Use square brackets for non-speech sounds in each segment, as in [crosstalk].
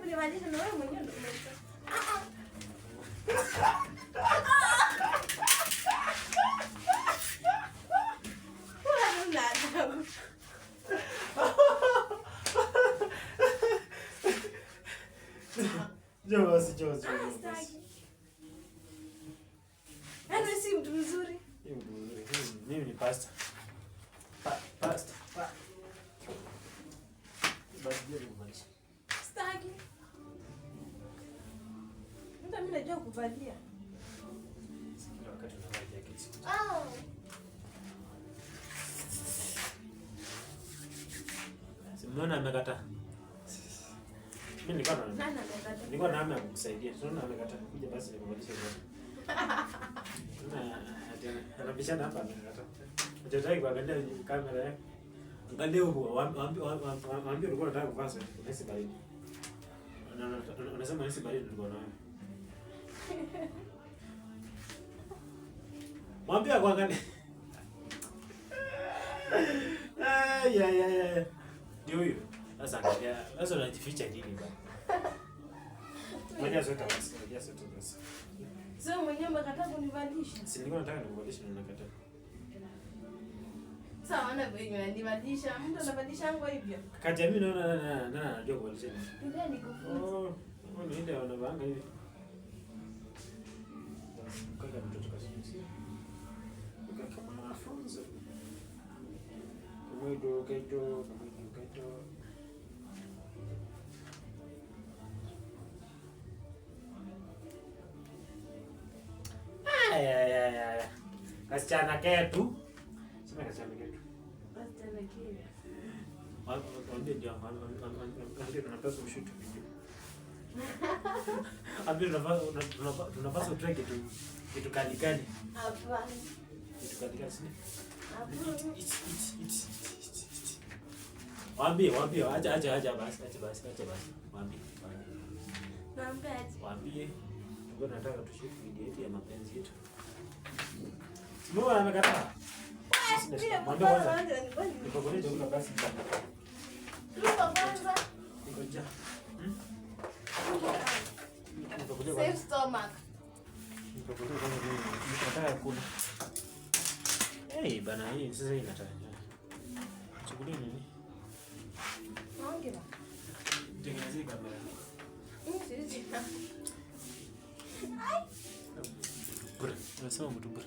не блівали мною, мені думається. Ладно, надо. Дивилася, дивилася. А ну сім друзури. Не мені пасть. Пасть. Пасть. Пасть. mimi najua kuvalia. Simona amekataa. Mimi nilikuwa na nilikuwa na hamu ya Kuja basi nimrudishe kwa. anabishana hapa amekataa. Hajataki kuangalia kamera yake. Angalia huko. Waambie ulikuwa unataka kuvaa sweta. Unahisi baridi. Unasema unahisi baridi ndio unaona. Mwambia kuangalia. Ay, ya ya ya. Ni huyo. Sasa angalia. Sasa unajificha nini bana? Ngoja sote basi. Ngoja sote basi. Sio mwenyewe mkataba kunivalisha. Si nilikuwa nataka nikuvalisha na nakataa. Sawa na wewe unanivalisha. Mtu anabadilisha ngo hivyo. Kati ya mimi naona na na najua kuvalisha. Ndio nikufunza. Oh, mbona ndio wanavanga hivi? Kaka mtoto kasinzia. Kaka mwana afunze. Mwedo gaito, mwedo gaito. Kasichana ketu. Sema kasichana ketu. Kasichana ketu. Wambie ndio, wambie tunapaswa kushuti video. Abi, tunapaswa tutoe kitu kitu kali kali. Hapana. Kitu acha acha acha basi, acha basi, acha basi. Waambie. Waambie. Waambie. Ngoja nataka tushike video yetu ya mapenzi yetu. Simama na Mwambie kwanza. Nikokolee kwanza. Safe stomach. Hey, bana hii sasa inataka. Chukulia nini? Nasema mtu bure.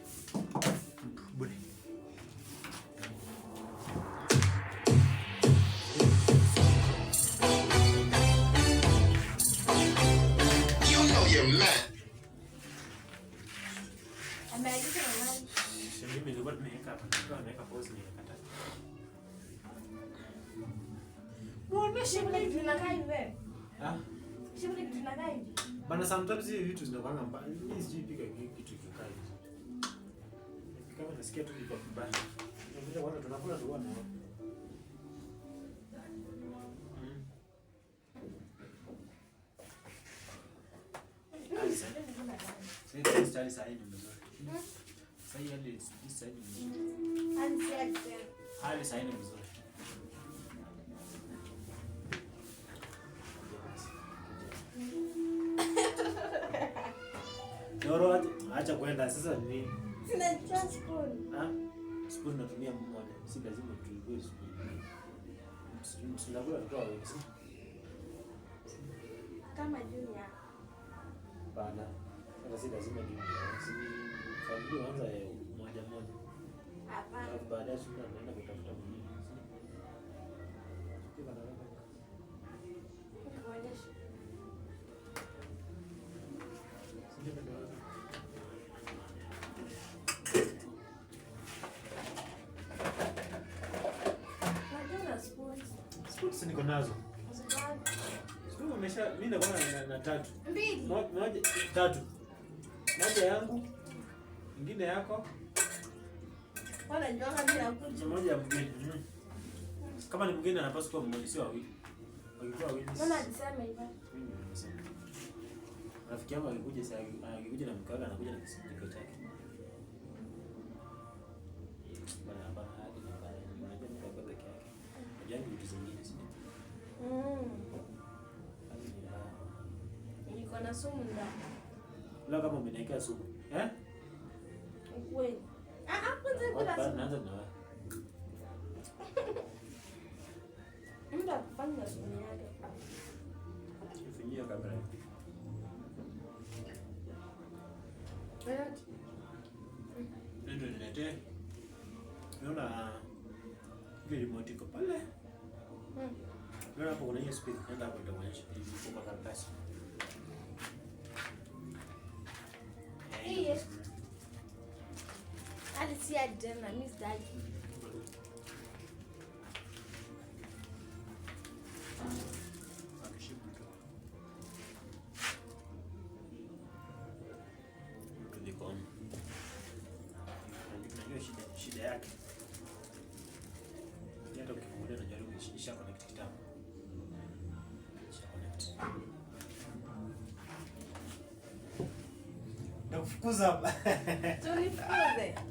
Bana, sometimes hivi vitu zinakwanga mbaya. Mimi sijui pika kitu kikaa hivi. Kama nasikia tu kitu kibaya. Tunakuja kwanza tunakula tu bwana. Hmm. Sasa sasa sasa Hali sasa ni mzuri. Nyororo acha kwenda sasa ni. Sina spoon. Ha? Spoon natumia mmoja. Si lazima tuigue spoon. Msilagwe kwa wewe. Kama junior. Bana. Sasa si lazima junior hiyo anza moja moja, alafu baadaye siku anaenda kutafuta mwingine. niko nazo sikuwa umesha, mimi na na tatu moja tatu moja yangu Ingine yako? Wala njoka bila kuja. Mmoja ya mgeni. Mm. Kama ni mgeni anapaswa kuwa mmoja sio wawili. Walikuwa wawili. Mama alisema hivyo. Rafiki yangu alikuja sasa, alikuja na mkaka anakuja na kisimko chake. Bana bana hadi na bana. je, ni baba peke yake. Hajangi vitu zingine sio. Mm. Niko na sumu ndani. Leo kama umeniwekea sumu. Eh? kweli. Mtu akifanya shughuli yake ndio niletee. Naona ile remote iko pale. Naona hapo kuna hiyo speed. Nenda hapo ndio maonyesho. Iko kwa karatasi. see Adrian. I miss daddy. Shida yake hata ukifungulia najaribu isha connect tunifukuze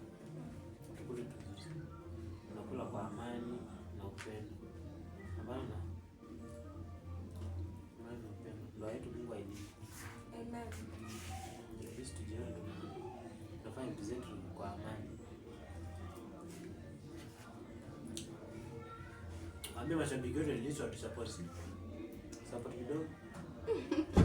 ndugu zetu kwa amani. Ambia mashabiki wetu, support kidogo [laughs]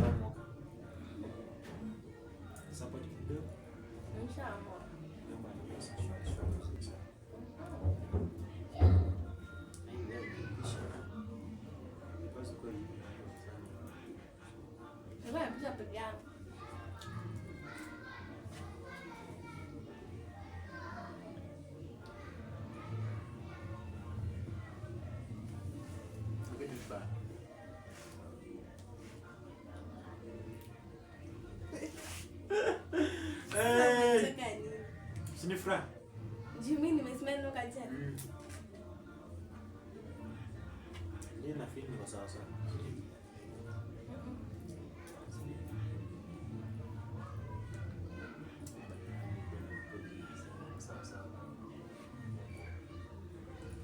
Mm.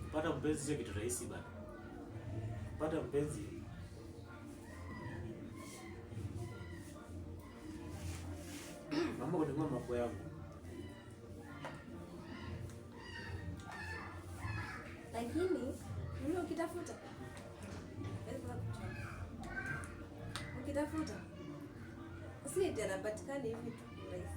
Kupata mpenzi sio kitu rahisi bana. Kupata mpenzi mama, kuningua mambo yangu hayapatikani hivi tu rahisi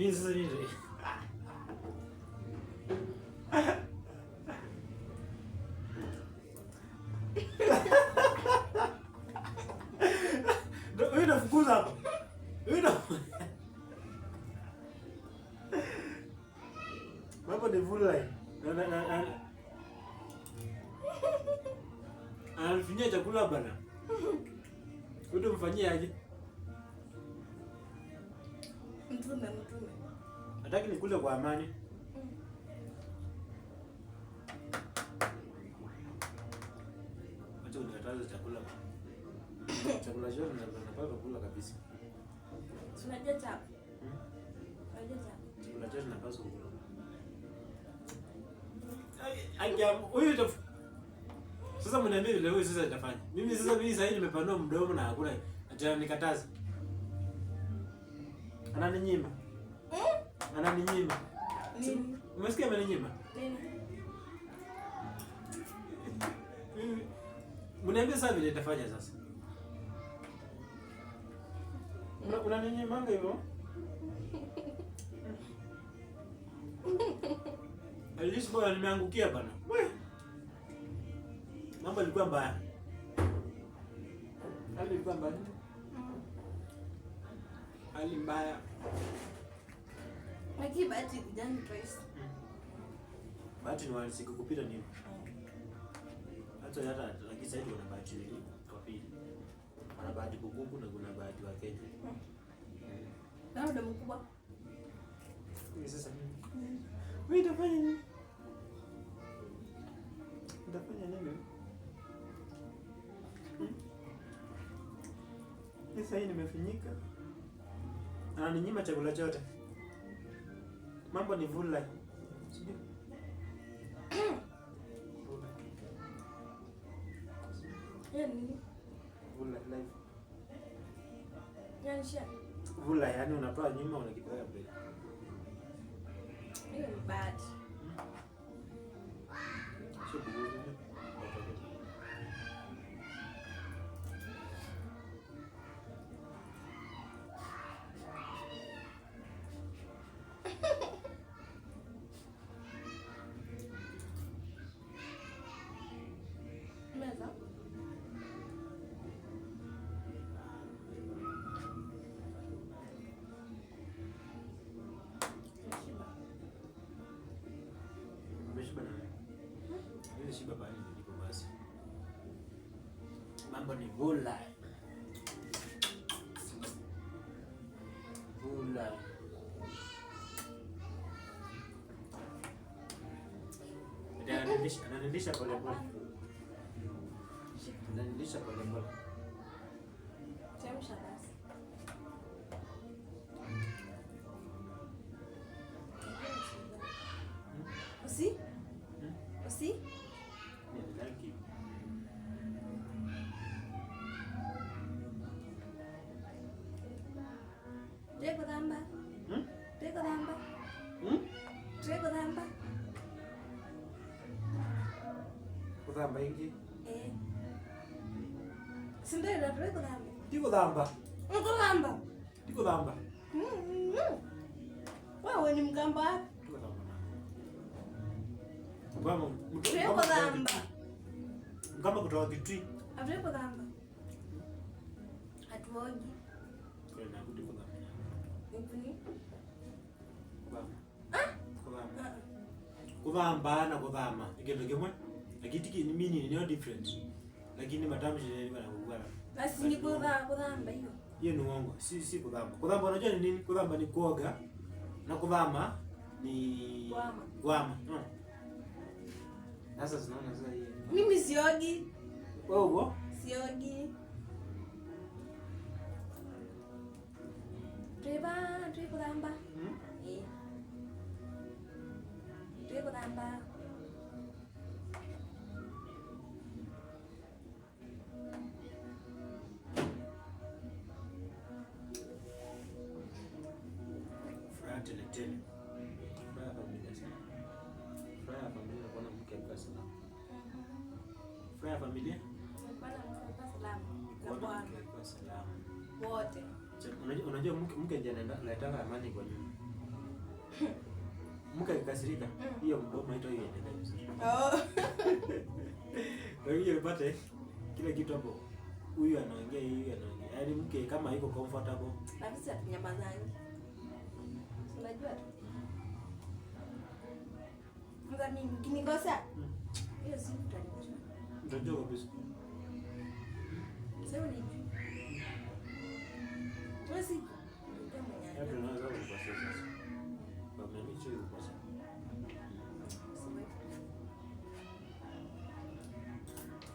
Vizuri. Wewe unafukuza hapo. Wewe una Baba ni vula. Na na na. Anafinyia chakula bana. Wewe mfanyie aje? mtume mtume, nataki nikule kwa amani. Acha unikataze chakula, chakula chote napata kula kabisa. Unajua chakula, hmm? unajua chakula, chakula chote napaswa kula. Huyu sasa mnaambia vile huyu sasa itafanya mimi sasa, mimi sasa hivi nimepanua mdomo na hakuna acha nikataze Ananinyima. Eh? Ananinyima. Nini? Umesikia ameninyima? Nini? Mniambie sasa vile nitafanya sasa. Una unaninyima hivyo? Alice bwana nimeangukia bana. Wewe. Mambo yalikuwa mbaya. Hali mbaya hali mbaya. Lakini bahati kijani rais. Bahati ni wale siku kupita ni. Hata hata lakini sasa hivi wana bahati nyingi kwa pili. Wana bahati kukuku na kuna bahati wa Kenya. Na ndio mkubwa. Ni sasa mm. nini? Wewe utafanya nini? Utafanya nini? Hmm? Sasa hii nimefinyika ananinyima chakula chote, mambo ni vula. Vula, yani unatoa nyuma una ni gulay. Gulay. Ada nanti, ada nanti sa volleyball. Ada nanti sa volleyball. Tregodamba. Hmm? Tregodamba. Hmm? Tregodamba. Kudhamba ingi? Eh. Sindai na tregodamba. Tigodamba. Ngodamba. Tigodamba. Mm. Mm-hmm. Wewe ni mgamba wapi? Mgamba. Tregodamba. Mgamba kutoka Kitui. Tregodamba. Atuoji. Ndio na kutoka. kuvamba na kuvamakindihyonikuamba kuabaajokuvamba nikoga na kuvama hmm. w 드리바 드리보다 한 방. 응? 예. 드리보다 한 방. Fratele tele. Furaha ya familia sana. Furaha ya familia kwa mwanamke mkasana. Furaha ya familia. Unajua, mke ndiye analetanga amani kwa nyumba. Mm. Mke akikasirika, mm. hiyo mgoma hiyo endelea vizuri. Oh. [laughs] Kwa hiyo upate kile kitu hapo. Huyu anaongea, huyu anaongea. Yaani mke kama iko comfortable. Na sisi Unajua tu. Mbona mimi kinikosa? Mm. Hiyo si mtani. Ndio kabisa. Sasa ni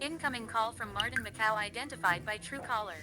Incoming call from Martin Macau identified by Truecaller.